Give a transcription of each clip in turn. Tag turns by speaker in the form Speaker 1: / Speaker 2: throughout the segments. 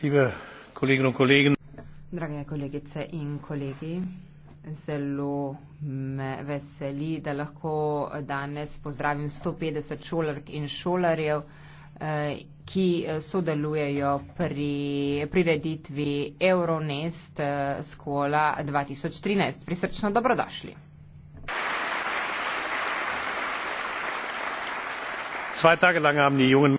Speaker 1: liebe Kolleginnen und Kollegen. Drage kolegice in kolegi, zelo me veseli, da lahko danes pozdravim 150 šolark in šolarjev, eh, ki eh, sodelujejo pri prireditvi Euronest eh, skola 2013. Prisrčno dobrodošli. 2 tage lang haben die jungen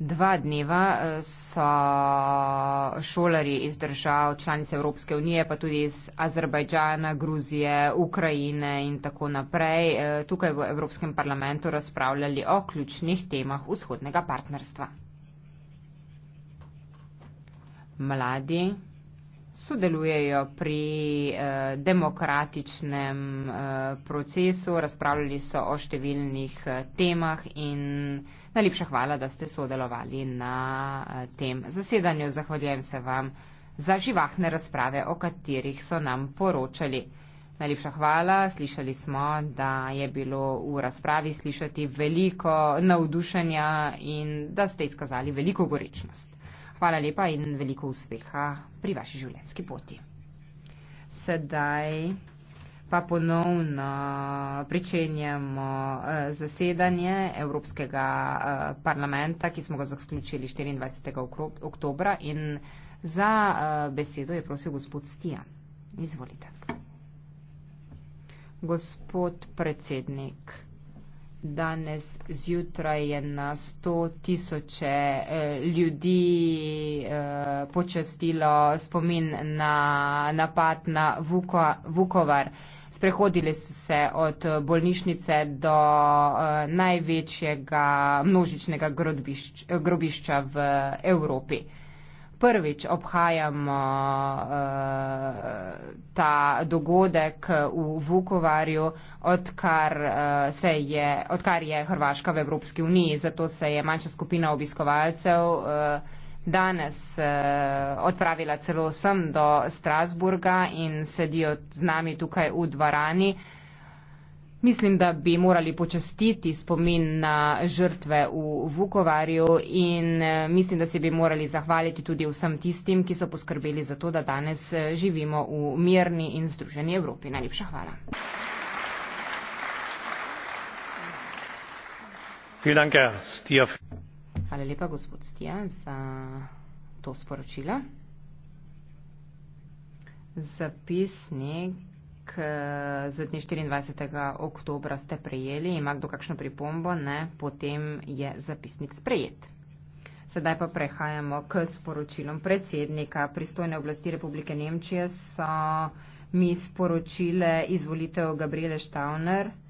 Speaker 1: Dva dneva eh, so šolari iz držav članice Evropske unije, pa tudi iz Azerbajdžana, Gruzije, Ukrajine in tako naprej eh, tukaj v Evropskem parlamentu razpravljali o ključnih temah vzhodnega partnerstva. Mladi sodelujejo pri eh, demokratičnem eh, procesu, razpravljali so o številnih eh, temah in najlepša hvala, da ste sodelovali na eh, tem zasedanju. Zahvaljujem se vam za živahne razprave, o katerih so nam poročali. Najlepša hvala, slišali smo, da je bilo v razpravi slišati veliko navdušenja in da ste izkazali veliko goričnost. Hvala lepa in veliko uspeha pri vaši življenjski poti. Sedaj pa ponovno pričenjamo eh, zasedanje Evropskega eh, parlamenta, ki smo ga zaključili 24. oktobra in za eh, besedo je prosil gospod Stija. Izvolite. Gospod predsednik danes zjutraj je na sto tisoče eh, ljudi eh, počastilo spomin na napad na Vukovar. Sprehodili so se od bolnišnice do eh, največjega množičnega grobišča v Evropi. Prvič obhajamo ta dogodek eh, v Vukovarju, odkar, eh, je, odkar je Hrvaška v Evropski uniji. Zato se je manjša skupina obiskovalcev eh, danes odpravila celo sem do Strasburga in sedijo z nami tukaj v dvorani. Mislim, da bi morali počastiti spomin na žrtve v Vukovarju in eh, mislim, da se bi morali zahvaliti tudi vsem tistim, ki so poskrbeli za to, da danes eh, živimo v mirni in združeni Evropi. Najlepša hvala. Hvala lepa, gospod Stija, za to sporočilo. Zapisnik sestanek eh, z dne 24. oktobra ste prejeli, ima kdo kakšno pripombo, ne, potem je zapisnik sprejet. Sedaj pa prehajamo k sporočilom predsednika. Pristojne oblasti Republike Nemčije so mi sporočile izvolitev Gabriele Štauner.